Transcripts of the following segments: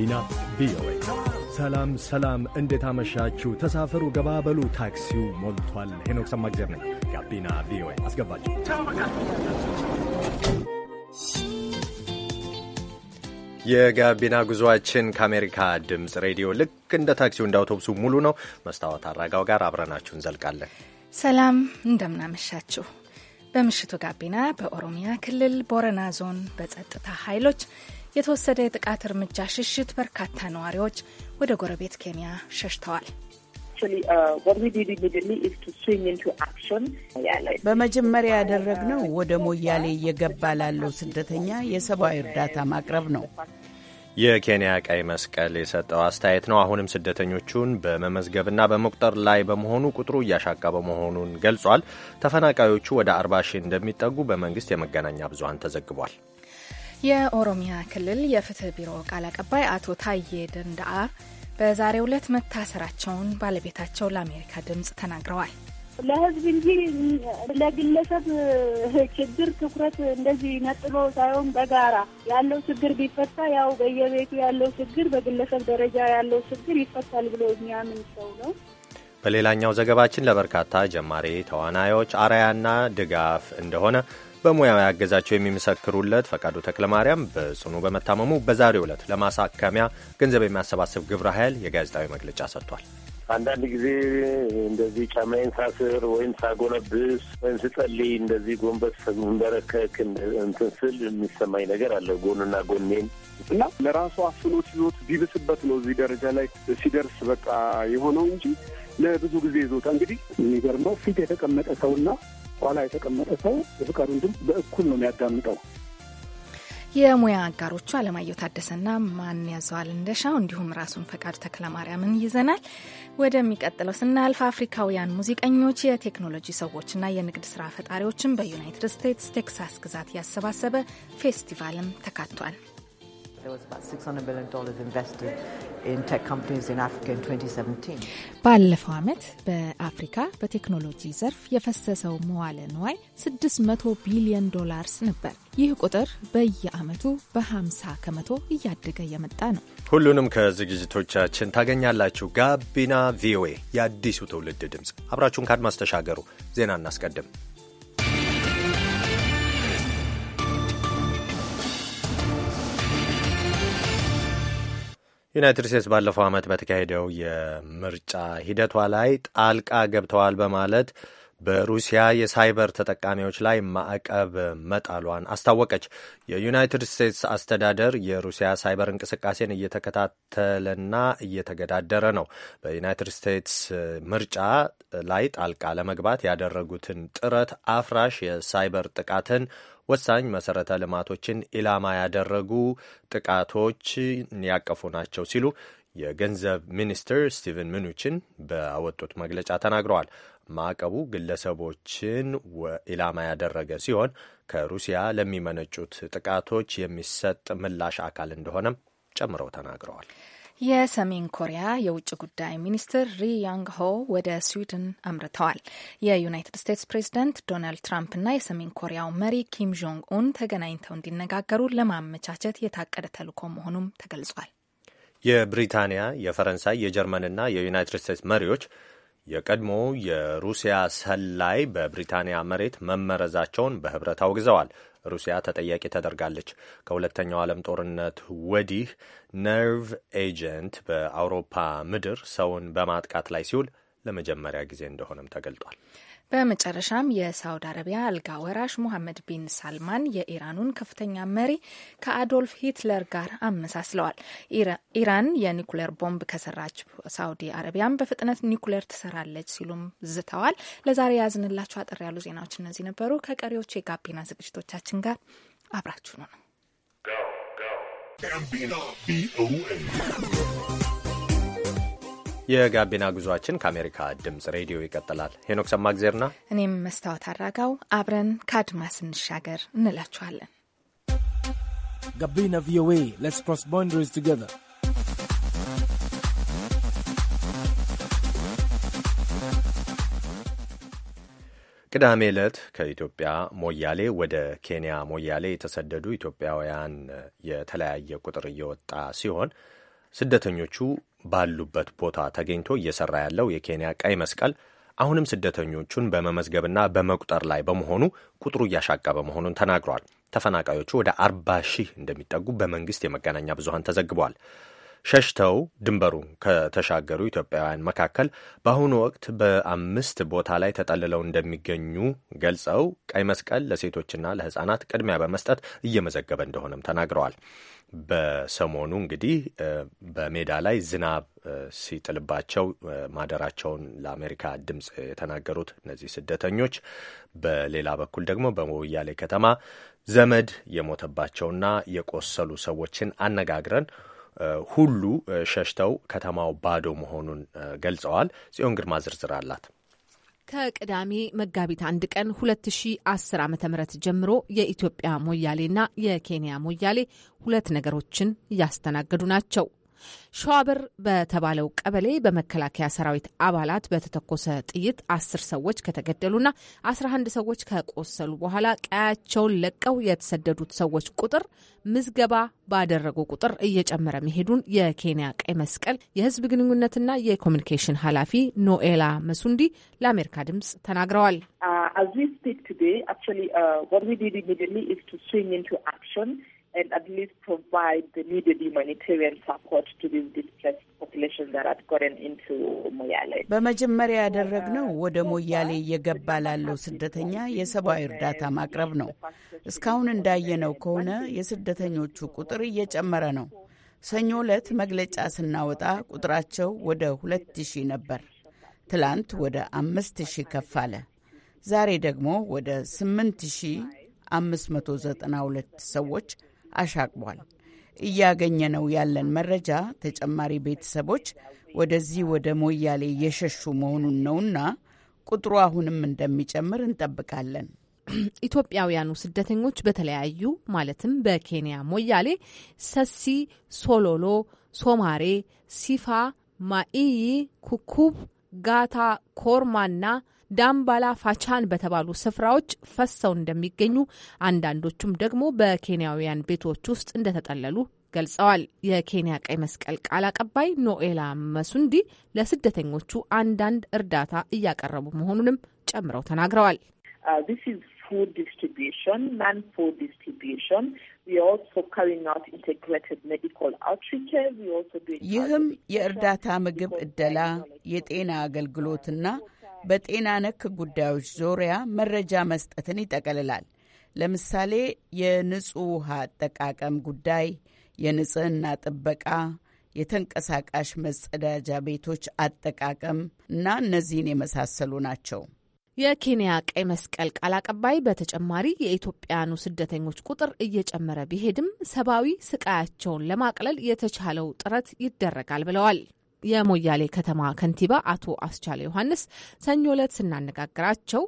ጋቢና ቪኦኤ። ሰላም ሰላም፣ እንዴት አመሻችሁ? ተሳፈሩ፣ ገባበሉ፣ ታክሲው ሞልቷል። ሄኖክ ሰማግዜር ነኝ። ጋቢና ቪኦኤ አስገባችሁ። የጋቢና ጉዞአችን ከአሜሪካ ድምፅ ሬዲዮ ልክ እንደ ታክሲው እንደ አውቶቡሱ ሙሉ ነው። መስታወት አራጋው ጋር አብረናችሁ እንዘልቃለን። ሰላም እንደምናመሻችሁ። በምሽቱ ጋቢና በኦሮሚያ ክልል ቦረና ዞን በጸጥታ ኃይሎች የተወሰደ የጥቃት እርምጃ ሽሽት በርካታ ነዋሪዎች ወደ ጎረቤት ኬንያ ሸሽተዋል። uh, በመጀመሪያ ያደረግነው ወደ ሞያሌ እየገባ ላለው ስደተኛ የሰብአዊ እርዳታ ማቅረብ ነው። የኬንያ ቀይ መስቀል የሰጠው አስተያየት ነው። አሁንም ስደተኞቹን በመመዝገብና በመቁጠር ላይ በመሆኑ ቁጥሩ እያሻቀበ መሆኑን ገልጿል። ተፈናቃዮቹ ወደ አርባ ሺህ እንደሚጠጉ በመንግስት የመገናኛ ብዙሃን ተዘግቧል። የኦሮሚያ ክልል የፍትህ ቢሮ ቃል አቀባይ አቶ ታዬ ደንዳአ በዛሬው ዕለት መታሰራቸውን ባለቤታቸው ለአሜሪካ ድምጽ ተናግረዋል። ለህዝብ እንጂ ለግለሰብ ችግር ትኩረት እንደዚህ ነጥሎ ሳይሆን በጋራ ያለው ችግር ቢፈታ ያው በየቤቱ ያለው ችግር በግለሰብ ደረጃ ያለው ችግር ይፈታል ብሎ የሚያምን ሰው ነው። በሌላኛው ዘገባችን ለበርካታ ጀማሪ ተዋናዮች አርአያና ድጋፍ እንደሆነ በሙያው አገዛቸው የሚመሰክሩለት ፈቃዱ ተክለማርያም በጽኑ በመታመሙ በዛሬው ዕለት ለማሳከሚያ ገንዘብ የሚያሰባስብ ግብረ ኃይል የጋዜጣዊ መግለጫ ሰጥቷል። አንዳንድ ጊዜ እንደዚህ ጫማዬን ሳስር ወይም ሳጎነብስ ወይም ስጸልይ እንደዚህ ጎንበስ ንበረከክ እንትን ስል የሚሰማኝ ነገር አለ። ጎንና ጎኔን እና ለራሱ አፍኖት ይዞት ቢብስበት ነው እዚህ ደረጃ ላይ ሲደርስ በቃ የሆነው እንጂ ለብዙ ጊዜ ይዞታ እንግዲህ የሚገርመው ፊት የተቀመጠ ሰውና ኋላ የተቀመጠ ሰው የፍቃዱን ድምፅ በእኩል ነው የሚያዳምጠው። የሙያ አጋሮቹ አለማየሁ ታደሰና ማን ያዘዋል እንደሻው እንዲሁም ራሱን ፈቃዱ ተክለማርያምን ይዘናል። ወደሚቀጥለው ስናልፍ አፍሪካውያን ሙዚቀኞች፣ የቴክኖሎጂ ሰዎችና የንግድ ስራ ፈጣሪዎችን በዩናይትድ ስቴትስ ቴክሳስ ግዛት ያሰባሰበ ፌስቲቫልም ተካቷል። ባለፈው ዓመት በአፍሪካ በቴክኖሎጂ ዘርፍ የፈሰሰው መዋለ ንዋይ 600 ቢሊዮን ዶላርስ ነበር። ይህ ቁጥር በየዓመቱ በ50 ከመቶ እያደገ የመጣ ነው። ሁሉንም ከዝግጅቶቻችን ታገኛላችሁ። ጋቢና ቪኦኤ የአዲሱ ትውልድ ድምፅ፣ አብራችሁን ካድማስ ተሻገሩ። ዜና እናስቀድም። ዩናይትድ ስቴትስ ባለፈው ዓመት በተካሄደው የምርጫ ሂደቷ ላይ ጣልቃ ገብተዋል በማለት በሩሲያ የሳይበር ተጠቃሚዎች ላይ ማዕቀብ መጣሏን አስታወቀች። የዩናይትድ ስቴትስ አስተዳደር የሩሲያ ሳይበር እንቅስቃሴን እየተከታተለና እየተገዳደረ ነው። በዩናይትድ ስቴትስ ምርጫ ላይ ጣልቃ ለመግባት ያደረጉትን ጥረት አፍራሽ የሳይበር ጥቃትን ወሳኝ መሰረተ ልማቶችን ኢላማ ያደረጉ ጥቃቶችን ያቀፉ ናቸው ሲሉ የገንዘብ ሚኒስትር ስቲቨን ምኑችን በወጡት መግለጫ ተናግረዋል። ማዕቀቡ ግለሰቦችን ኢላማ ያደረገ ሲሆን ከሩሲያ ለሚመነጩት ጥቃቶች የሚሰጥ ምላሽ አካል እንደሆነም ጨምረው ተናግረዋል። የሰሜን ኮሪያ የውጭ ጉዳይ ሚኒስትር ሪ ያንግ ሆ ወደ ስዊድን አምርተዋል። የዩናይትድ ስቴትስ ፕሬዚደንት ዶናልድ እና የሰሜን ኮሪያው መሪ ኪም ጆንግ ኡን ተገናኝተው እንዲነጋገሩ ለማመቻቸት የታቀደ ተልእኮ መሆኑም ተገልጿል። የብሪታንያ፣ የፈረንሳይ፣ የጀርመንና የዩናይትድ ስቴትስ መሪዎች የቀድሞ የሩሲያ ሰላይ በብሪታንያ መሬት መመረዛቸውን በህብረት አውግዘዋል። ሩሲያ ተጠያቂ ተደርጋለች። ከሁለተኛው ዓለም ጦርነት ወዲህ ነርቭ ኤጀንት በአውሮፓ ምድር ሰውን በማጥቃት ላይ ሲውል ለመጀመሪያ ጊዜ እንደሆነም ተገልጧል። በመጨረሻም የሳውዲ አረቢያ አልጋ ወራሽ ሙሐመድ ቢን ሳልማን የኢራኑን ከፍተኛ መሪ ከአዶልፍ ሂትለር ጋር አመሳስለዋል። ኢራን የኒኩሌር ቦምብ ከሰራች ሳውዲ አረቢያም በፍጥነት ኒኩሌር ትሰራለች ሲሉም ዝተዋል። ለዛሬ ያዝንላቸው አጠር ያሉ ዜናዎች እነዚህ ነበሩ። ከቀሪዎቹ የጋቢና ዝግጅቶቻችን ጋር አብራችሁ ነው። የጋቢና ጉዟችን ከአሜሪካ ድምፅ ሬዲዮ ይቀጥላል። ሄኖክ ሰማግዜርና እኔም መስታወት አራጋው አብረን ከአድማስ እንሻገር እንላችኋለን። ጋቢና ቪኦኤ ሌትስ ክሮስ ቦንደሪስ ቱጌዘር ቅዳሜ ዕለት ከኢትዮጵያ ሞያሌ ወደ ኬንያ ሞያሌ የተሰደዱ ኢትዮጵያውያን የተለያየ ቁጥር እየወጣ ሲሆን ስደተኞቹ ባሉበት ቦታ ተገኝቶ እየሰራ ያለው የኬንያ ቀይ መስቀል አሁንም ስደተኞቹን በመመዝገብና በመቁጠር ላይ በመሆኑ ቁጥሩ እያሻቀበ መሆኑን ተናግሯል። ተፈናቃዮቹ ወደ አርባ ሺህ እንደሚጠጉ በመንግስት የመገናኛ ብዙሀን ተዘግቧል። ሸሽተው ድንበሩን ከተሻገሩ ኢትዮጵያውያን መካከል በአሁኑ ወቅት በአምስት ቦታ ላይ ተጠልለው እንደሚገኙ ገልጸው ቀይ መስቀል ለሴቶችና ለሕፃናት ቅድሚያ በመስጠት እየመዘገበ እንደሆነም ተናግረዋል። በሰሞኑ እንግዲህ በሜዳ ላይ ዝናብ ሲጥልባቸው ማደራቸውን ለአሜሪካ ድምፅ የተናገሩት እነዚህ ስደተኞች በሌላ በኩል ደግሞ በሞያሌ ከተማ ዘመድ የሞተባቸውና የቆሰሉ ሰዎችን አነጋግረን ሁሉ ሸሽተው ከተማው ባዶ መሆኑን ገልጸዋል። ጽዮን ግርማ ዝርዝር አላት። ከቅዳሜ መጋቢት አንድ ቀን 2010 ዓ ም ጀምሮ የኢትዮጵያ ሞያሌና የኬንያ ሞያሌ ሁለት ነገሮችን እያስተናገዱ ናቸው። ሸዋብር በተባለው ቀበሌ በመከላከያ ሰራዊት አባላት በተተኮሰ ጥይት አስር ሰዎች ከተገደሉና አስራ አንድ ሰዎች ከቆሰሉ በኋላ ቀያቸውን ለቀው የተሰደዱት ሰዎች ቁጥር ምዝገባ ባደረጉ ቁጥር እየጨመረ መሄዱን የኬንያ ቀይ መስቀል የሕዝብ ግንኙነትና የኮሚኒኬሽን ኃላፊ ኖኤላ መሱንዲ ለአሜሪካ ድምጽ ተናግረዋል። uh, as we speak today, actually, uh, what we did immediately is to swing into action. and at least provide the needed humanitarian support to these displaced populations that had gotten into Moyale. በመጀመሪያ ያደረግነው ወደ ሞያሌ እየገባ ላለው ስደተኛ የሰብአዊ እርዳታ ማቅረብ ነው። እስካሁን እንዳየነው ከሆነ የስደተኞቹ ቁጥር እየጨመረ ነው። ሰኞ ዕለት መግለጫ ስናወጣ ቁጥራቸው ወደ ሁለት ሺህ ነበር። ትላንት ወደ አምስት ሺህ ከፍ አለ። ዛሬ ደግሞ ወደ ስምንት ሺህ 592 ሰዎች አሻቅቧል። እያገኘነው ያለን መረጃ ተጨማሪ ቤተሰቦች ወደዚህ ወደ ሞያሌ እየሸሹ መሆኑን ነውና ቁጥሩ አሁንም እንደሚጨምር እንጠብቃለን። ኢትዮጵያውያኑ ስደተኞች በተለያዩ ማለትም በኬንያ ሞያሌ፣ ሰሲ፣ ሶሎሎ፣ ሶማሬ፣ ሲፋ፣ ማኢይ፣ ኩኩብ፣ ጋታ፣ ኮርማና ዳምባላ፣ ፋቻን በተባሉ ስፍራዎች ፈሰው እንደሚገኙ አንዳንዶቹም ደግሞ በኬንያውያን ቤቶች ውስጥ እንደተጠለሉ ገልጸዋል። የኬንያ ቀይ መስቀል ቃል አቀባይ ኖኤላ መሱንዲ ለስደተኞቹ አንዳንድ እርዳታ እያቀረቡ መሆኑንም ጨምረው ተናግረዋል። uh, ይህም የእርዳታ ምግብ እደላ የጤና አገልግሎትና በጤና ነክ ጉዳዮች ዙሪያ መረጃ መስጠትን ይጠቀልላል። ለምሳሌ የንጹህ ውሃ አጠቃቀም ጉዳይ፣ የንጽህና ጥበቃ፣ የተንቀሳቃሽ መጸዳጃ ቤቶች አጠቃቀም እና እነዚህን የመሳሰሉ ናቸው። የኬንያ ቀይ መስቀል ቃል አቀባይ በተጨማሪ የኢትዮጵያኑ ስደተኞች ቁጥር እየጨመረ ቢሄድም ሰብአዊ ስቃያቸውን ለማቅለል የተቻለው ጥረት ይደረጋል ብለዋል። የሞያሌ ከተማ ከንቲባ አቶ አስቻለ ዮሐንስ ሰኞ ዕለት ስናነጋግራቸው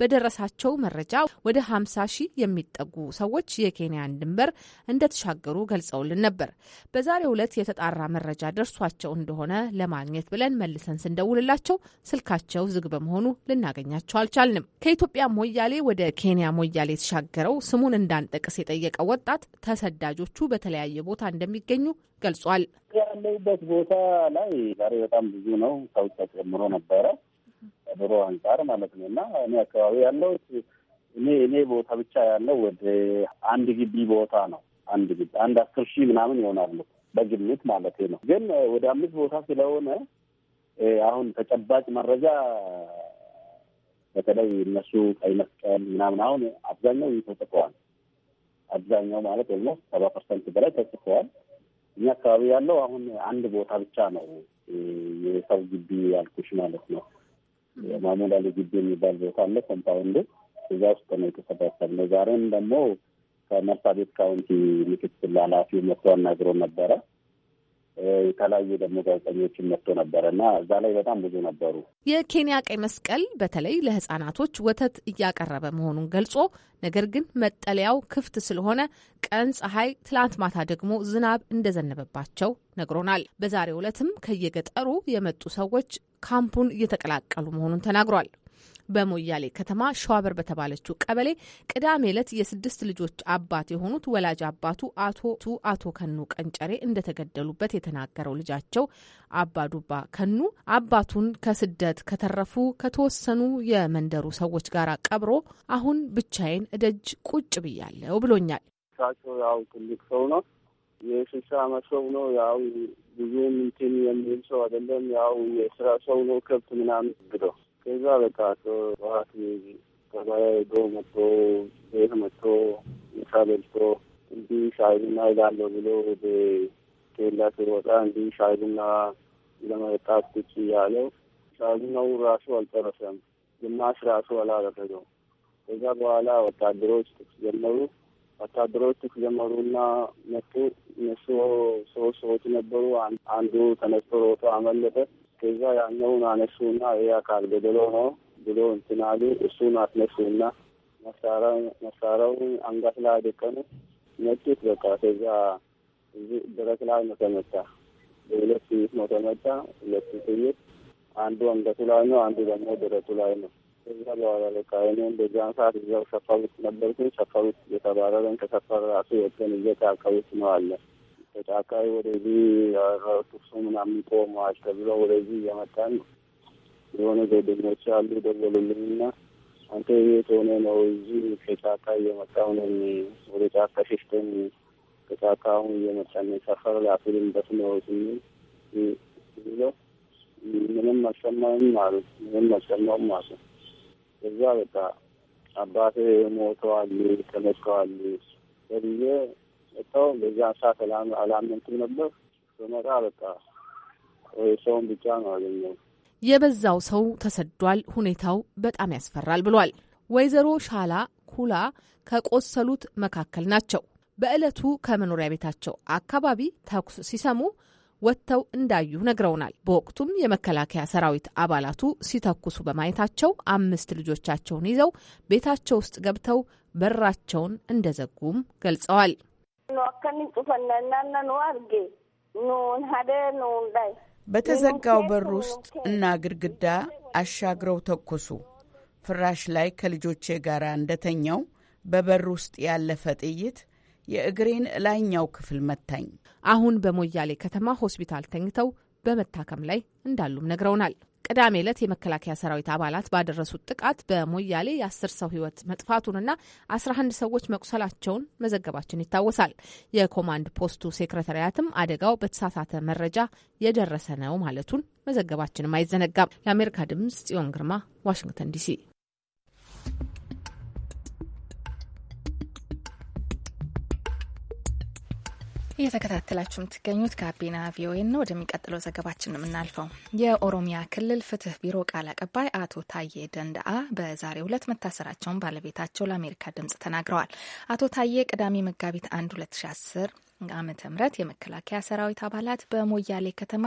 በደረሳቸው መረጃ ወደ 50 ሺህ የሚጠጉ ሰዎች የኬንያን ድንበር እንደተሻገሩ ገልጸውልን ነበር። በዛሬው ዕለት የተጣራ መረጃ ደርሷቸው እንደሆነ ለማግኘት ብለን መልሰን ስንደውልላቸው ስልካቸው ዝግ በመሆኑ ልናገኛቸው አልቻልንም። ከኢትዮጵያ ሞያሌ ወደ ኬንያ ሞያሌ የተሻገረው ስሙን እንዳንጠቅስ የጠየቀ ወጣት ተሰዳጆቹ በተለያየ ቦታ እንደሚገኙ ገልጿል። ያለሁበት ቦታ ላይ ዛሬ በጣም ብዙ ነው። ሰው ተጨምሮ ነበረ ኑሮ አንጻር ማለት ነው እና እኔ አካባቢ ያለው እኔ እኔ ቦታ ብቻ ያለው ወደ አንድ ግቢ ቦታ ነው። አንድ ግቢ አንድ አስር ሺህ ምናምን ይሆናሉ በግምት ማለት ነው። ግን ወደ አምስት ቦታ ስለሆነ አሁን ተጨባጭ መረጃ በተለይ እነሱ ቀይ መስቀል ምናምን አሁን አብዛኛው ተጽፈዋል። አብዛኛው ማለት ኦልሞስት ሰባ ፐርሰንት በላይ ተጽፈዋል። እኛ አካባቢ ያለው አሁን አንድ ቦታ ብቻ ነው የሰው ግቢ ያልኩሽ ማለት ነው። የማሙድ አሊ ግቢ የሚባል ቦታ አለ። ኮምፓውንዱ እዛ ውስጥ ነው ነው። ዛሬም ደግሞ ከመርሳቤት ካውንቲ ምክትል ኃላፊ መጥቶ አናግሮ ነበረ። የተለያዩ ደግሞ ጋዜጠኞችን መጥቶ ነበረ እና እዛ ላይ በጣም ብዙ ነበሩ። የኬንያ ቀይ መስቀል በተለይ ለህጻናቶች ወተት እያቀረበ መሆኑን ገልጾ ነገር ግን መጠለያው ክፍት ስለሆነ ቀን ፀሐይ፣ ትላንት ማታ ደግሞ ዝናብ እንደዘነበባቸው ነግሮናል። በዛሬው ዕለትም ከየገጠሩ የመጡ ሰዎች ካምፑን እየተቀላቀሉ መሆኑን ተናግሯል። በሞያሌ ከተማ ሸዋበር በተባለችው ቀበሌ ቅዳሜ ዕለት የስድስት ልጆች አባት የሆኑት ወላጅ አባቱ አቶ አቶ ከኑ ቀንጨሬ እንደተገደሉበት የተናገረው ልጃቸው አባዱባ ከኑ አባቱን ከስደት ከተረፉ ከተወሰኑ የመንደሩ ሰዎች ጋር ቀብሮ አሁን ብቻዬን እደጅ ቁጭ ብያለሁ ብሎኛል። ያው ትልቅ ሰው ነው የስልሳ አመት ሰው ነው። ያው ብዙም እንትን የሚል ሰው አይደለም። ያው የስራ ሰው ነው። ከብት ምናምን ግደው ከዛ በቃ ጠዋት ገበያ ሄዶ መጥቶ ቤት መጥቶ ምሳ በልቶ እንዲህ ሻይ ቡና ብሎ ወደ ኬላ ሲሮጣ እንዲህ ሻይ ቡና ለመጠጣት ቁጭ እያለው ሻይ ቡናው ራሱ አልጨረሰም። ግማሽ ራሱ አላደረገው። ከዛ በኋላ ወታደሮች ጀመሩ። ወታደሮቹ ጀመሩና መጡ። እነሱ ሶስት ሰዎች ነበሩ። አንዱ ተነስቶ ሮጦ አመለጠ። ከዛ ያኛውን አነሱና ይህ አካል ገደሎ ነው ብሎ እንትን አሉ። እሱን አትነሱና መሳሪያውን አንጋት ላይ አደቀኑ። መጡት በቃ ከዛ ደረት ላይ ነው ተመታ። በሁለት ጥይት ነው ተመታ። ሁለቱ ጥይት አንዱ አንገቱ ላይ ነው፣ አንዱ ደግሞ ደረቱ ላይ ነው። እዛ በኋላ በቃ እኔ በዛን ሰዓት እዛው ሰፋ ውስጥ ነበርኩኝ። ሰፋ ውስጥ እየተባረረን ከሰፈር ራሱ ወጥን እየጫካ ውስጥ ነው አለ። ከጫካ ወደዚህ ቱክሱ ምናምን ቆመዋል ተብሎ ወደዚህ እየመጣን የሆነ ጓደኞች አሉ ደወሉልኝና አንተ የት ሆነ ነው እዚህ ከጫካ እየመጣሁ ነው ወደ ጫካ ሸሽተን ከጫካ አሁን እየመጣን ሰፈር ራሱ ልንበት ነው ስንል ብሎ ምንም አልሰማኝም አሉ። ምንም አልሰማሁም አሉ። እዛ በቃ አባቴ ሞተዋል ተመትተዋል በብዬ መጣው። በዛ ሰዓት አላመንኩም ነበር። በመጣ በቃ ሰውን ብቻ ነው አገኘው። የበዛው ሰው ተሰዷል። ሁኔታው በጣም ያስፈራል ብሏል። ወይዘሮ ሻላ ኩላ ከቆሰሉት መካከል ናቸው። በዕለቱ ከመኖሪያ ቤታቸው አካባቢ ተኩስ ሲሰሙ ወጥተው እንዳዩ ነግረውናል። በወቅቱም የመከላከያ ሰራዊት አባላቱ ሲተኩሱ በማየታቸው አምስት ልጆቻቸውን ይዘው ቤታቸው ውስጥ ገብተው በራቸውን እንደዘጉም ገልጸዋል። በተዘጋው በር ውስጥ እና ግድግዳ አሻግረው ተኮሱ። ፍራሽ ላይ ከልጆቼ ጋር እንደተኛው በበር ውስጥ ያለፈ ጥይት የእግሬን ላይኛው ክፍል መታኝ። አሁን በሞያሌ ከተማ ሆስፒታል ተኝተው በመታከም ላይ እንዳሉም ነግረውናል። ቅዳሜ ዕለት የመከላከያ ሰራዊት አባላት ባደረሱት ጥቃት በሞያሌ የአስር ሰው ህይወት መጥፋቱንና አስራ አንድ ሰዎች መቁሰላቸውን መዘገባችን ይታወሳል። የኮማንድ ፖስቱ ሴክረታሪያትም አደጋው በተሳሳተ መረጃ የደረሰ ነው ማለቱን መዘገባችንም አይዘነጋም። ለአሜሪካ ድምጽ ጽዮን ግርማ ዋሽንግተን ዲሲ እየተከታተላችሁ የምትገኙት ጋቢና ቪኦኤ ነው። ወደሚቀጥለው ዘገባችን የምናልፈው የኦሮሚያ ክልል ፍትህ ቢሮ ቃል አቀባይ አቶ ታዬ ደንዳአ በዛሬው ዕለት መታሰራቸውን ባለቤታቸው ለአሜሪካ ድምጽ ተናግረዋል። አቶ ታዬ ቅዳሜ መጋቢት 1 2010 ዓመተ ምህረት የመከላከያ ሰራዊት አባላት በሞያሌ ከተማ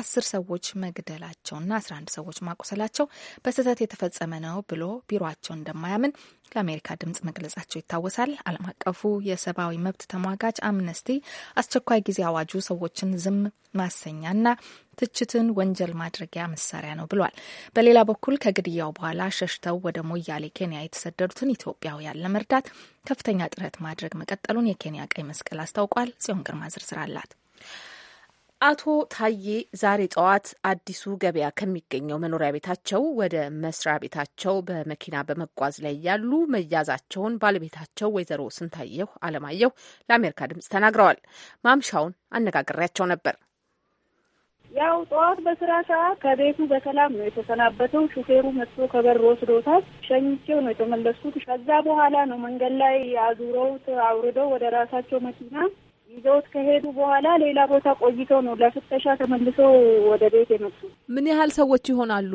አስር ሰዎች መግደላቸውና አስራ አንድ ሰዎች ማቆሰላቸው በስህተት የተፈጸመ ነው ብሎ ቢሮቸው እንደማያምን ለአሜሪካ ድምጽ መግለጻቸው ይታወሳል። ዓለም አቀፉ የሰብአዊ መብት ተሟጋች አምነስቲ አስቸኳይ ጊዜ አዋጁ ሰዎችን ዝም ማሰኛና ትችትን ወንጀል ማድረጊያ መሳሪያ ነው ብሏል። በሌላ በኩል ከግድያው በኋላ ሸሽተው ወደ ሞያሌ ኬንያ የተሰደዱትን ኢትዮጵያውያን ለመርዳት ከፍተኛ ጥረት ማድረግ መቀጠሉን የኬንያ ቀይ መስቀል አስታውቋል። ጽዮን ግርማ ዝርዝር አላት። አቶ ታዬ ዛሬ ጠዋት አዲሱ ገበያ ከሚገኘው መኖሪያ ቤታቸው ወደ መስሪያ ቤታቸው በመኪና በመጓዝ ላይ ያሉ መያዛቸውን ባለቤታቸው ወይዘሮ ስንታየሁ አለማየሁ ለአሜሪካ ድምጽ ተናግረዋል። ማምሻውን አነጋግሬያቸው ነበር። ያው ጠዋት በስራ ሰዓት ከቤቱ በሰላም ነው የተሰናበተው። ሹፌሩ መጥቶ ከበር ወስዶታል። ሸኝቼው ነው የተመለስኩት። ከዛ በኋላ ነው መንገድ ላይ አዙረውት አውርደው ወደ ራሳቸው መኪና ይዘውት ከሄዱ በኋላ ሌላ ቦታ ቆይተው ነው ለፍተሻ ተመልሶ ወደ ቤት የመጡ። ምን ያህል ሰዎች ይሆናሉ?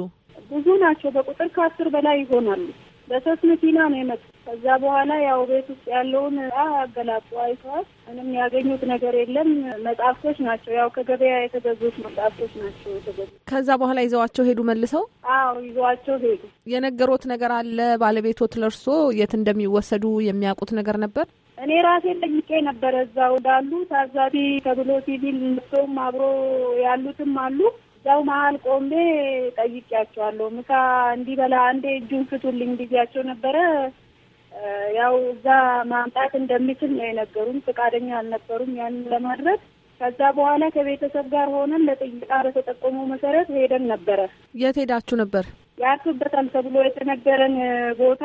ብዙ ናቸው። በቁጥር ከአስር በላይ ይሆናሉ። በሶስት መኪና ነው የመጡ። ከዛ በኋላ ያው ቤት ውስጥ ያለውን አገላጡ አይተዋል። ምንም ያገኙት ነገር የለም። መጽሐፍቶች ናቸው ያው ከገበያ የተገዙት መጽሐፍቶች ናቸው የተገዙ። ከዛ በኋላ ይዘዋቸው ሄዱ መልሰው? አዎ ይዘዋቸው ሄዱ። የነገሮት ነገር አለ ባለቤቶት ለእርሶ የት እንደሚወሰዱ የሚያውቁት ነገር ነበር? እኔ ራሴ ጠይቄ ነበረ። እዛው እንዳሉ ታዛቢ ተብሎ ሲቪል ምቶም አብሮ ያሉትም አሉ። እዛው መሀል ቆሜ ጠይቄያቸዋለሁ። ምሳ እንዲበላ አንዴ እጁን ፍቱልኝ ብያቸው ነበረ። ያው እዛ ማምጣት እንደሚችል ነው የነገሩም። ፍቃደኛ አልነበሩም ያንን ለማድረግ። ከዛ በኋላ ከቤተሰብ ጋር ሆነን ለጥይቃ በተጠቆሙ መሰረት ሄደን ነበረ። የት ሄዳችሁ ነበር? ያርፍበታል ተብሎ የተነገረን ቦታ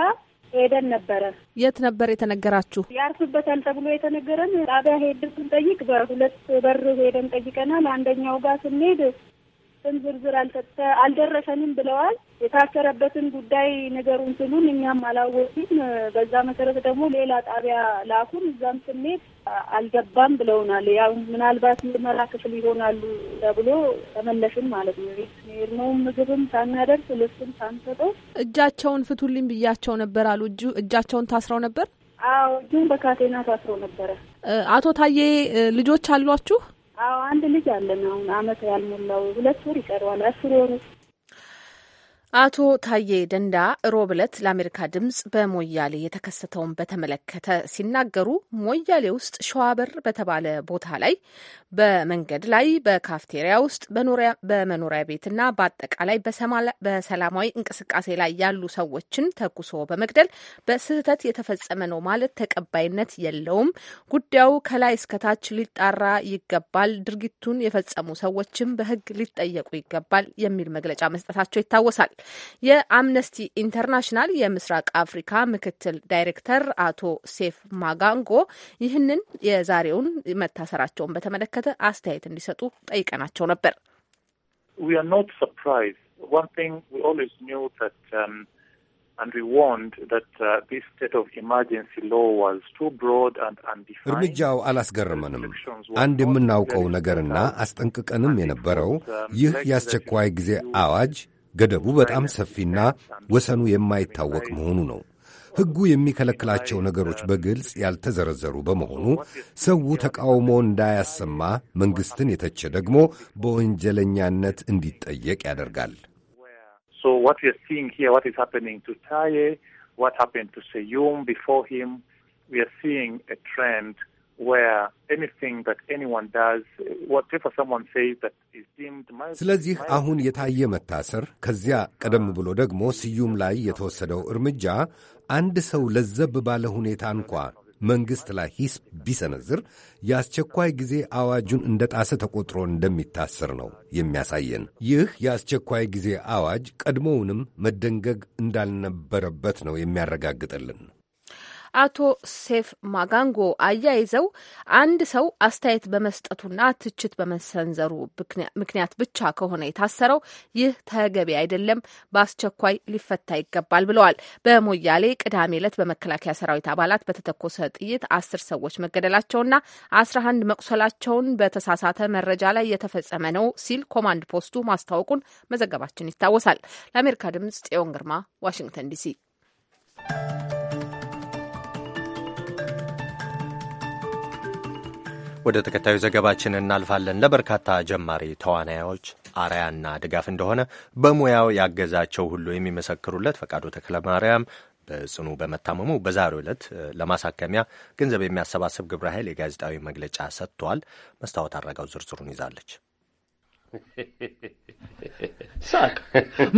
ሄደን ነበረ። የት ነበር የተነገራችሁ? ያርሱበታል ተብሎ የተነገረን ጣቢያ ሄድን ስንጠይቅ በሁለት በር ሄደን ጠይቀናል። አንደኛው ጋር ስንሄድ ስም ዝርዝር አልደረሰንም ብለዋል። የታሰረበትን ጉዳይ ነገሩን ስሉን እኛም አላወቅም። በዛ መሰረት ደግሞ ሌላ ጣቢያ ላኩን። እዛም ስሜት አልገባም ብለውናል። ያው ምናልባት ምርመራ ክፍል ይሆናሉ ተብሎ ተመለስን ማለት ነው። የሄድነውም ምግብም ሳናደርስ ልብስም ሳንሰጠው እጃቸውን ፍቱልኝ ብያቸው ነበር አሉ። እጁ እጃቸውን ታስረው ነበር። አዎ እጁን በካቴና ታስረው ነበረ። አቶ ታዬ ልጆች አሏችሁ? አዎ አንድ ልጅ አለን። አሁን አመት ያልሞላው ሁለት ወር ይቀረዋል። አስር ወሩ አቶ ታዬ ደንዳ ሮብ ዕለት ለአሜሪካ ድምፅ በሞያሌ የተከሰተውን በተመለከተ ሲናገሩ ሞያሌ ውስጥ ሸዋበር በተባለ ቦታ ላይ በመንገድ ላይ፣ በካፍቴሪያ ውስጥ፣ በመኖሪያ ቤትና በአጠቃላይ በሰላማዊ እንቅስቃሴ ላይ ያሉ ሰዎችን ተኩሶ በመግደል በስህተት የተፈጸመ ነው ማለት ተቀባይነት የለውም። ጉዳዩ ከላይ እስከታች ሊጣራ ይገባል። ድርጊቱን የፈጸሙ ሰዎችም በሕግ ሊጠየቁ ይገባል የሚል መግለጫ መስጠታቸው ይታወሳል። የአምነስቲ ኢንተርናሽናል የምስራቅ አፍሪካ ምክትል ዳይሬክተር አቶ ሴፍ ማጋንጎ ይህንን የዛሬውን መታሰራቸውን በተመለከተ አስተያየት እንዲሰጡ ጠይቀናቸው ነበር። um, uh, እርምጃው አላስገረመንም። አንድ የምናውቀው ነገርና አስጠንቅቀንም የነበረው um, ይህ የአስቸኳይ ጊዜ አዋጅ ገደቡ በጣም ሰፊና ወሰኑ የማይታወቅ መሆኑ ነው። ሕጉ የሚከለክላቸው ነገሮች በግልጽ ያልተዘረዘሩ በመሆኑ ሰው ተቃውሞ እንዳያሰማ፣ መንግሥትን የተቸ ደግሞ በወንጀለኛነት እንዲጠየቅ ያደርጋል። ስለዚህ አሁን የታየ መታሰር፣ ከዚያ ቀደም ብሎ ደግሞ ስዩም ላይ የተወሰደው እርምጃ አንድ ሰው ለዘብ ባለ ሁኔታ እንኳ መንግሥት ላይ ሂስ ቢሰነዝር የአስቸኳይ ጊዜ አዋጁን እንደ ጣሰ ተቆጥሮ እንደሚታሰር ነው የሚያሳየን። ይህ የአስቸኳይ ጊዜ አዋጅ ቀድሞውንም መደንገግ እንዳልነበረበት ነው የሚያረጋግጥልን። አቶ ሴፍ ማጋንጎ አያይዘው አንድ ሰው አስተያየት በመስጠቱና ትችት በመሰንዘሩ ምክንያት ብቻ ከሆነ የታሰረው ይህ ተገቢ አይደለም፣ በአስቸኳይ ሊፈታ ይገባል ብለዋል። በሞያሌ ቅዳሜ ዕለት በመከላከያ ሰራዊት አባላት በተተኮሰ ጥይት አስር ሰዎች መገደላቸውና አስራ አንድ መቁሰላቸውን በተሳሳተ መረጃ ላይ የተፈጸመ ነው ሲል ኮማንድ ፖስቱ ማስታወቁን መዘገባችን ይታወሳል። ለአሜሪካ ድምጽ ጽዮን ግርማ ዋሽንግተን ዲሲ ወደ ተከታዩ ዘገባችን እናልፋለን። ለበርካታ ጀማሪ ተዋናዮች አርያና ድጋፍ እንደሆነ በሙያው ያገዛቸው ሁሉ የሚመሰክሩለት ፈቃዱ ተክለ ማርያም በጽኑ በመታመሙ በዛሬው ዕለት ለማሳከሚያ ገንዘብ የሚያሰባስብ ግብረ ኃይል የጋዜጣዊ መግለጫ ሰጥቷል። መስታወት አረጋው ዝርዝሩን ይዛለች። ሳቅ።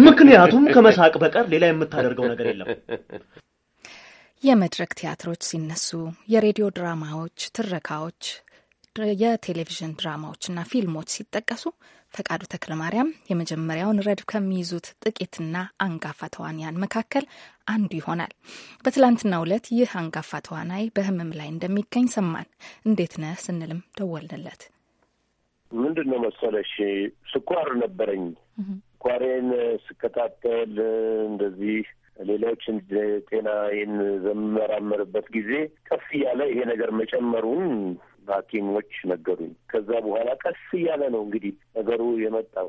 ምክንያቱም ከመሳቅ በቀር ሌላ የምታደርገው ነገር የለም። የመድረክ ቲያትሮች ሲነሱ፣ የሬዲዮ ድራማዎች፣ ትረካዎች፣ የቴሌቪዥን ድራማዎችና ፊልሞች ሲጠቀሱ ፈቃዱ ተክለ ማርያም የመጀመሪያውን ረድፍ ከሚይዙት ጥቂትና አንጋፋ ተዋንያን መካከል አንዱ ይሆናል። በትላንትናው ዕለት ይህ አንጋፋ ተዋናይ በህመም ላይ እንደሚገኝ ሰማን። እንዴት ነህ ስንልም ደወልንለት። ምንድን ነው መሰለሽ፣ ስኳር ነበረኝ። ስኳሬን ስከታተል እንደዚህ ሌሎች ጤናዬን በምመራመርበት ጊዜ ከፍ እያለ ይሄ ነገር መጨመሩን ሐኪሞች ነገሩኝ። ከዛ በኋላ ቀስ እያለ ነው እንግዲህ ነገሩ የመጣው።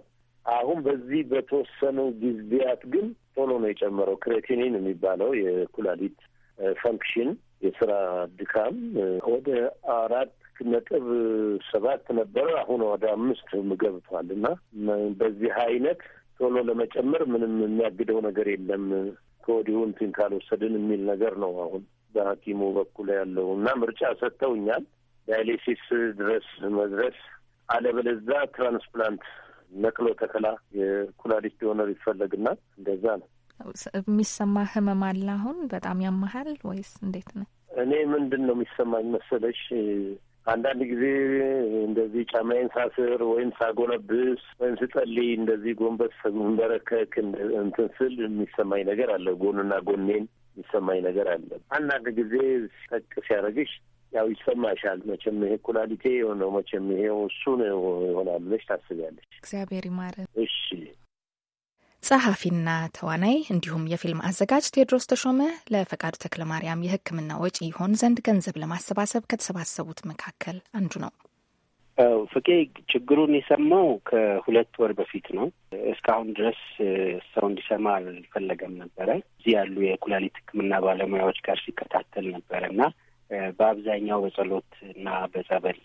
አሁን በዚህ በተወሰኑ ጊዜያት ግን ቶሎ ነው የጨመረው። ክሬቲኒን የሚባለው የኩላሊት ፈንክሽን የስራ ድካም ወደ አራት ነጥብ ሰባት ነበረ። አሁን ወደ አምስት ገብቷል። እና በዚህ አይነት ቶሎ ለመጨመር ምንም የሚያግደው ነገር የለም ከወዲሁ እንትን ካልወሰድን የሚል ነገር ነው አሁን በሐኪሙ በኩል ያለው እና ምርጫ ሰጥተውኛል። ዳያሊሲስ ድረስ መድረስ፣ አለበለዛ ትራንስፕላንት ነቅሎ ተከላ የኩላሊት ዶነር ይፈለግና እንደዛ ነው። የሚሰማ ህመም አለ አሁን በጣም ያመሃል ወይስ እንዴት ነው? እኔ ምንድን ነው የሚሰማኝ መሰለሽ አንዳንድ ጊዜ እንደዚህ ጫማዬን ሳስር ወይም ሳጎነብስ ወይም ስጸልይ እንደዚህ ጎንበስ ንበረከክ እንትን ስል የሚሰማኝ ነገር አለ። ጎንና ጎኔን የሚሰማኝ ነገር አለ። አንዳንድ ጊዜ ጠቅ ሲያደርግሽ ያው ይሰማሻል መቼም ይሄ ኩላሊቴ የሆነው መቼም ይሄ እሱ ነው ይሆናል ብለሽ ታስቢያለሽ። እግዚአብሔር ይማረ። እሺ። ጸሐፊና ተዋናይ እንዲሁም የፊልም አዘጋጅ ቴድሮስ ተሾመ ለፈቃዱ ተክለ ማርያም የሕክምና ወጪ ይሆን ዘንድ ገንዘብ ለማሰባሰብ ከተሰባሰቡት መካከል አንዱ ነው። ፍቄ ችግሩን የሰማው ከሁለት ወር በፊት ነው። እስካሁን ድረስ ሰው እንዲሰማ አልፈለገም ነበረ። እዚህ ያሉ የኩላሊት ሕክምና ባለሙያዎች ጋር ሲከታተል ነበረ እና በአብዛኛው በጸሎት እና በጸበል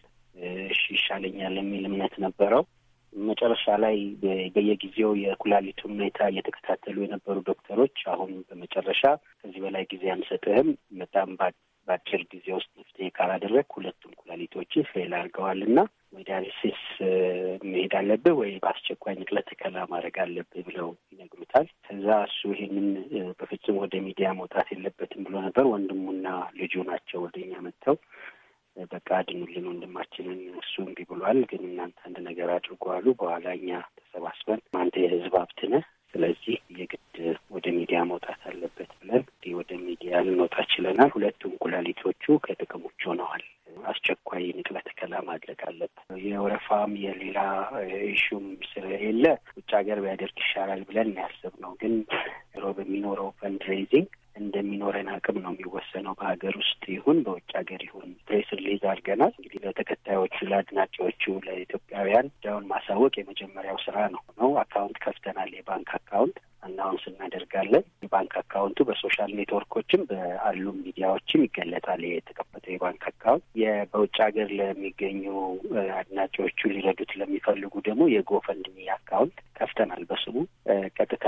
እሺ ይሻለኛል የሚል እምነት ነበረው። መጨረሻ ላይ በየጊዜው የኩላሊቱ ሁኔታ እየተከታተሉ የነበሩ ዶክተሮች አሁን በመጨረሻ ከዚህ በላይ ጊዜ አንሰጥህም፣ በጣም በአጭር ጊዜ ውስጥ መፍትሄ ካላደረግ ሁለቱም ኩላሊቶች ፌል አድርገዋል እና ወይ ዳያሊሲስ መሄድ አለብህ ወይ በአስቸኳይ ንቅለ ተከላ ማድረግ አለብህ ብለው ይነግሩታል። ከዛ እሱ ይህንን በፍጹም ወደ ሚዲያ መውጣት የለበትም ብሎ ነበር። ወንድሙና ልጁ ናቸው ወደ እኛ መጥተው በቃ አድኑልን ወንድማችንን፣ እሱ እምቢ ብሏል፣ ግን እናንተ አንድ ነገር አድርጎ አሉ። በኋላ እኛ ተሰባስበን አንተ የህዝብ ሀብት ነህ ስለዚህ የግድ ወደ ሚዲያ መውጣት አለበት ብለን ወደ ሚዲያ ልንወጣ ችለናል። ሁለቱም ኩላሊቶቹ ከጥቅሞች ሆነዋል። አስቸኳይ ንቅለ ተከላ ማድረግ አለበት። የወረፋም የሌላ ኢሹም ስለሌለ ውጭ ሀገር ቢያደርግ ይሻላል ብለን ያስብ ነው። ግን ሮ በሚኖረው ፈንድሬዚንግ እንደሚኖረን አቅም ነው የሚወሰነው። በሀገር ውስጥ ይሁን በውጭ ሀገር ይሁን ፕሬስ ሪሊዝ አድርገናል። እንግዲህ ለተከታዮቹ፣ ለአድናቂዎቹ፣ ለኢትዮጵያውያን ዳውን ማሳወቅ የመጀመሪያው ስራ ነው ነው አካውንት ከፍተናል። የባንክ አካውንት አናውንስ እናደርጋለን። የባንክ አካውንቱ በሶሻል ኔትወርኮችም በአሉ ሚዲያዎችም ይገለጣል። የተከፈተው የባንክ አካውንት በውጭ ሀገር ለሚገኙ አድናቂዎቹ ሊረዱት ለሚፈልጉ ደግሞ የጎፈንድሚ አካውንት ከፍተናል። በስሙ ቀጥታ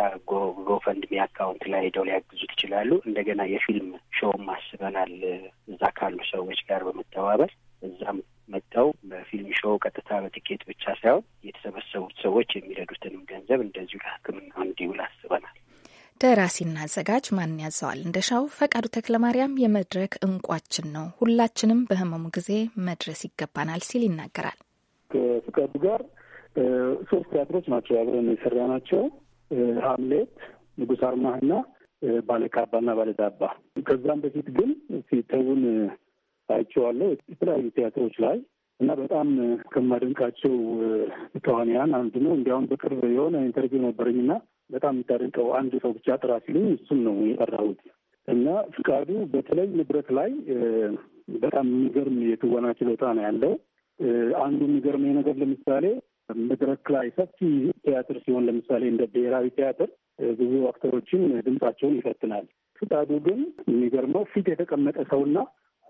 ጎፈንድሚ አካውንት ላይ ሄደው ሊያግዙት ይችላሉ። እንደገና የፊልም ሾውም አስበናል እዛ ካሉ ሰዎች ጋር በመተባበር እዛም መጥተው በፊልም ሾው ቀጥታ በትኬት ብቻ ሳይሆን የተሰበሰቡት ሰዎች የሚረዱትንም ገንዘብ እንደዚሁ ለሕክምና እንዲውል አስበናል። ደራሲና አዘጋጅ ማን ያዘዋል እንደሻው ፈቃዱ ተክለማርያም የመድረክ እንቋችን ነው፣ ሁላችንም በህመሙ ጊዜ መድረስ ይገባናል ሲል ይናገራል። ከፍቃዱ ጋር ሶስት ቲያትሮች ናቸው አብረን የሰራ ናቸው። ሀምሌት፣ ንጉሥ አርማህና ባለካባና ባለዳባ። ከዛም በፊት ግን ሲተውን አይቼዋለሁ የተለያዩ ቲያትሮች ላይ እና በጣም ከማደንቃቸው ተዋንያን አንዱ ነው። እንዲያውም በቅርብ የሆነ ኢንተርቪው ነበረኝ እና በጣም የምታደንቀው አንድ ሰው ብቻ ጥራ ሲሉኝ እሱም ነው የጠራሁት እና ፍቃዱ በተለይ ንብረት ላይ በጣም የሚገርም የትወና ችሎታ ነው ያለው። አንዱ የሚገርም ነገር ለምሳሌ መድረክ ላይ ሰፊ ቲያትር ሲሆን ለምሳሌ እንደ ብሔራዊ ቲያትር ብዙ አክተሮችን ድምጻቸውን ይፈትናል። ፍቃዱ ግን የሚገርመው ፊት የተቀመጠ ሰውና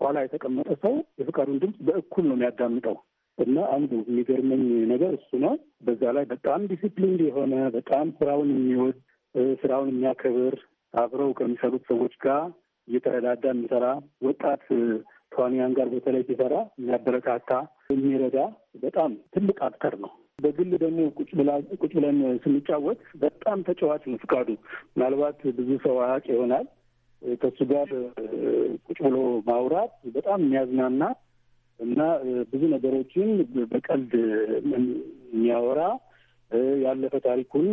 ኋላ የተቀመጠ ሰው የፍቃዱን ድምፅ በእኩል ነው የሚያዳምጠው እና አንዱ የሚገርመኝ ነገር እሱ ነው። በዛ ላይ በጣም ዲሲፕሊን የሆነ በጣም ስራውን የሚወድ ስራውን የሚያከብር አብረው ከሚሰሩት ሰዎች ጋር እየተረዳዳ የሚሰራ ወጣት ተዋንያን ጋር በተለይ ሲሰራ የሚያበረታታ የሚረዳ በጣም ትልቅ አክተር ነው። በግል ደግሞ ቁጭ ብለን ስንጫወት በጣም ተጫዋች ነው ፍቃዱ። ምናልባት ብዙ ሰው አያውቅ ይሆናል ከሱ ጋር ቁጭ ብሎ ማውራት በጣም የሚያዝናና እና ብዙ ነገሮችን በቀልድ የሚያወራ ያለፈ ታሪኩን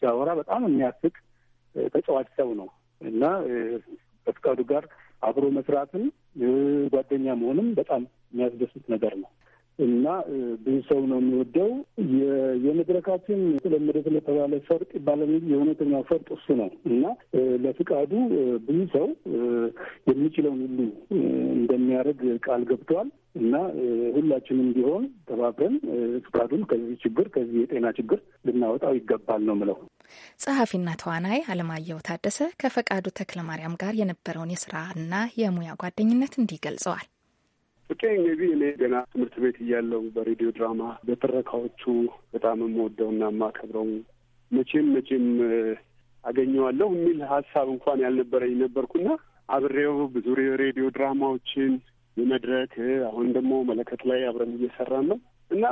ሲያወራ በጣም የሚያስቅ ተጫዋች ሰው ነው እና ከፍቃዱ ጋር አብሮ መስራትን ጓደኛ መሆንም በጣም የሚያስደስት ነገር ነው። እና ብዙ ሰው ነው የሚወደው። የመድረካችን ተለመደ ስለተባለ ፈርጥ ይባላል። የእውነተኛው ፈርጥ እሱ ነው እና ለፍቃዱ ብዙ ሰው የሚችለውን ሁሉ እንደሚያደርግ ቃል ገብቷል እና ሁላችንም ቢሆን ተባብረን ፍቃዱን ከዚህ ችግር ከዚህ የጤና ችግር ልናወጣው ይገባል ነው ምለው። ጸሐፊና ተዋናይ አለማየሁ ታደሰ ከፈቃዱ ተክለማርያም ጋር የነበረውን የስራና የሙያ ጓደኝነት እንዲህ ገልጸዋል። ፍቄ እንግዲህ እኔ ገና ትምህርት ቤት እያለው በሬዲዮ ድራማ በትረካዎቹ በጣም የምወደውና የማከብረው መቼም መቼም አገኘዋለሁ የሚል ሀሳብ እንኳን ያልነበረኝ ነበርኩና አብሬው ብዙ ሬዲዮ ድራማዎችን የመድረክ አሁን ደግሞ መለከት ላይ አብረን እየሰራን ነው እና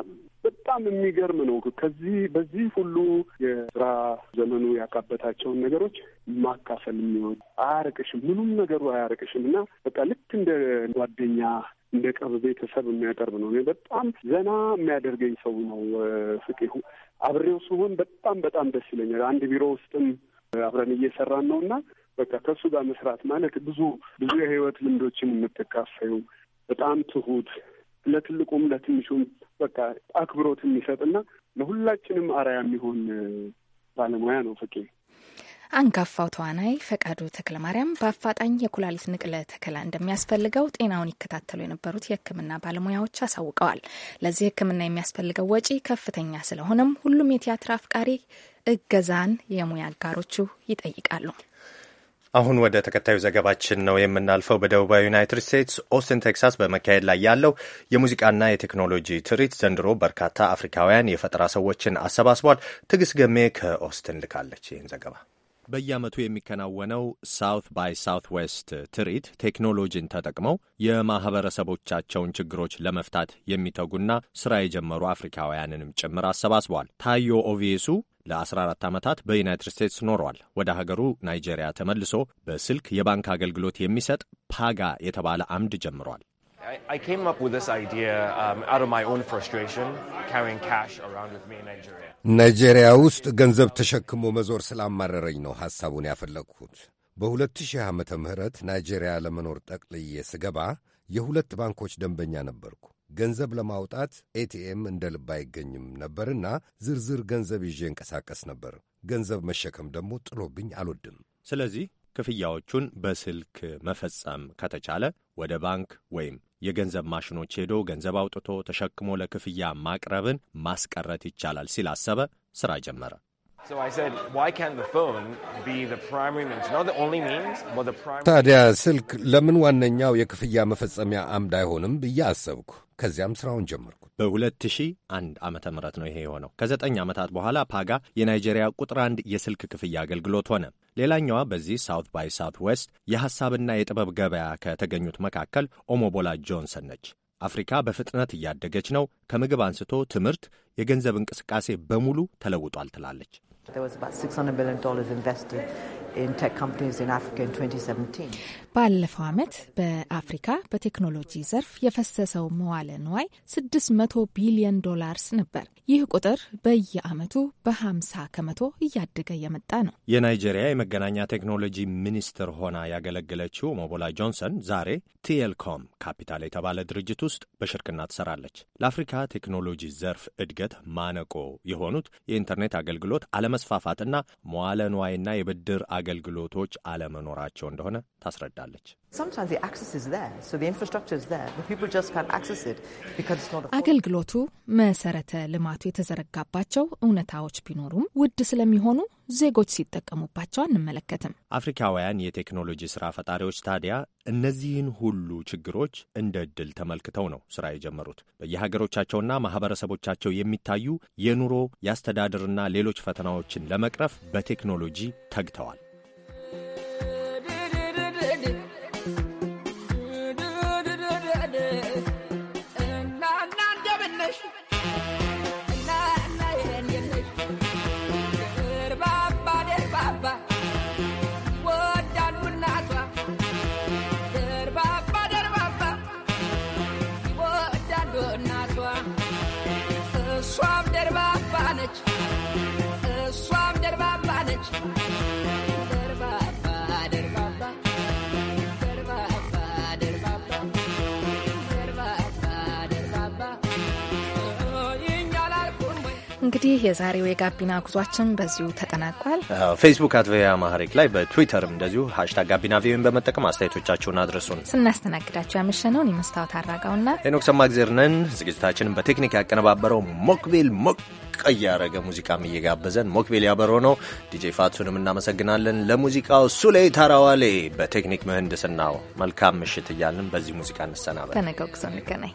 በጣም የሚገርም ነው። ከዚህ በዚህ ሁሉ የስራ ዘመኑ ያካበታቸውን ነገሮች ማካፈል የሚሆን አያርቅሽም፣ ምኑም ነገሩ አያርቅሽም እና በቃ ልክ እንደ ጓደኛ እንደ ቅርብ ቤተሰብ የሚያቀርብ ነው። እኔ በጣም ዘና የሚያደርገኝ ሰው ነው ፍቄሁ። አብሬው ስሆን በጣም በጣም ደስ ይለኛል። አንድ ቢሮ ውስጥም አብረን እየሰራን ነው እና በቃ ከእሱ ጋር መስራት ማለት ብዙ ብዙ የህይወት ልምዶችን የምትካፈዩ በጣም ትሁት፣ ለትልቁም ለትንሹም በቃ አክብሮት የሚሰጥና ለሁላችንም አርአያ የሚሆን ባለሙያ ነው ፍቄ። አንጋፋው ተዋናይ ፈቃዱ ተክለ ማርያም በአፋጣኝ የኩላሊት ንቅለ ተከላ እንደሚያስፈልገው ጤናውን ይከታተሉ የነበሩት የሕክምና ባለሙያዎች አሳውቀዋል። ለዚህ ሕክምና የሚያስፈልገው ወጪ ከፍተኛ ስለሆነም ሁሉም የቲያትር አፍቃሪ እገዛን የሙያ አጋሮቹ ይጠይቃሉ። አሁን ወደ ተከታዩ ዘገባችን ነው የምናልፈው። በደቡባዊ ዩናይትድ ስቴትስ ኦስትን ቴክሳስ በመካሄድ ላይ ያለው የሙዚቃና የቴክኖሎጂ ትርኢት ዘንድሮ በርካታ አፍሪካውያን የፈጠራ ሰዎችን አሰባስቧል። ትዕግስት ገሜ ከኦስትን ልካለች ይህን ዘገባ በየዓመቱ የሚከናወነው ሳውት ባይ ሳውት ዌስት ትርኢት ቴክኖሎጂን ተጠቅመው የማህበረሰቦቻቸውን ችግሮች ለመፍታት የሚተጉና ስራ የጀመሩ አፍሪካውያንንም ጭምር አሰባስበዋል። ታዮ ኦቪየሱ ለ14 ዓመታት በዩናይትድ ስቴትስ ኖሯል። ወደ ሀገሩ ናይጄሪያ ተመልሶ በስልክ የባንክ አገልግሎት የሚሰጥ ፓጋ የተባለ አምድ ጀምሯል። I came up with this idea um, out of my own frustration, carrying cash around with me in Nigeria. ናይጄሪያ ውስጥ ገንዘብ ተሸክሞ መዞር ስላማረረኝ ነው ሐሳቡን ያፈለግሁት። በ2000 ዓመተ ምህረት ናይጄሪያ ለመኖር ጠቅልዬ ስገባ የሁለት ባንኮች ደንበኛ ነበርኩ። ገንዘብ ለማውጣት ኤቲኤም እንደ ልብ አይገኝም ነበርና ዝርዝር ገንዘብ ይዤ እንቀሳቀስ ነበር። ገንዘብ መሸከም ደግሞ ጥሎብኝ አልወድም። ስለዚህ ክፍያዎቹን በስልክ መፈጸም ከተቻለ ወደ ባንክ ወይም የገንዘብ ማሽኖች ሄዶ ገንዘብ አውጥቶ ተሸክሞ ለክፍያ ማቅረብን ማስቀረት ይቻላል ሲል አሰበ። ስራ ጀመረ። ታዲያ ስልክ ለምን ዋነኛው የክፍያ መፈጸሚያ አምድ አይሆንም ብዬ አሰብኩ። ከዚያም ስራውን ጀመርኩ። በ2001 ዓ ም ነው ይሄ የሆነው። ከዘጠኝ ዓመታት በኋላ ፓጋ የናይጄሪያ ቁጥር አንድ የስልክ ክፍያ አገልግሎት ሆነ። ሌላኛዋ በዚህ ሳውት ባይ ሳውት ዌስት የሐሳብና የጥበብ ገበያ ከተገኙት መካከል ኦሞቦላ ጆንሰን ነች። አፍሪካ በፍጥነት እያደገች ነው። ከምግብ አንስቶ ትምህርት፣ የገንዘብ እንቅስቃሴ በሙሉ ተለውጧል ትላለች። ባለፈው ዓመት በአፍሪካ በቴክኖሎጂ ዘርፍ የፈሰሰው መዋለ ንዋይ 600 ቢሊዮን ዶላርስ ነበር። ይህ ቁጥር በየዓመቱ በ50 ከመቶ እያደገ የመጣ ነው። የናይጄሪያ የመገናኛ ቴክኖሎጂ ሚኒስትር ሆና ያገለገለችው ሞቦላ ጆንሰን ዛሬ ቲኤልኮም ካፒታል የተባለ ድርጅት ውስጥ በሽርክና ትሰራለች። ለአፍሪካ ቴክኖሎጂ ዘርፍ እድገት ማነቆ የሆኑት የኢንተርኔት አገልግሎት አለመስፋፋትና መዋለ ንዋይና የብድር አገልግሎቶች አለመኖራቸው እንደሆነ ታስረዳለች። አገልግሎቱ መሰረተ ልማቱ የተዘረጋባቸው እውነታዎች ቢኖሩም ውድ ስለሚሆኑ ዜጎች ሲጠቀሙባቸው አንመለከትም። አፍሪካውያን የቴክኖሎጂ ስራ ፈጣሪዎች ታዲያ እነዚህን ሁሉ ችግሮች እንደ እድል ተመልክተው ነው ስራ የጀመሩት። በየሀገሮቻቸውና ማህበረሰቦቻቸው የሚታዩ የኑሮ የአስተዳደርና ሌሎች ፈተናዎችን ለመቅረፍ በቴክኖሎጂ ተግተዋል። እንግዲህ የዛሬው የጋቢና ጉዟችን በዚሁ ተጠናቋል። ፌስቡክ አት ቪኦኤ አማሪክ ላይ በትዊተርም እንደዚሁ ሀሽታግ ጋቢና ቪኦኤን በመጠቀም አስተያየቶቻችሁን አድረሱን። ስናስተናግዳችሁ ያመሸነውን የመስታወት አራጋውና ሄኖክ ሰማግዜር ነን። ዝግጅታችንን በቴክኒክ ያቀነባበረው ሞክቤል ሞቅ እያረገ ሙዚቃም እየጋበዘን ሞክቤል ያበሮ ነው። ዲጄ ፋቱንም እናመሰግናለን። ለሙዚቃው ሱሌ ታራዋሌ በቴክኒክ ምህንድስናው። መልካም ምሽት እያልን በዚህ ሙዚቃ እንሰናበል። በነገው ጉዞ እንገናኝ።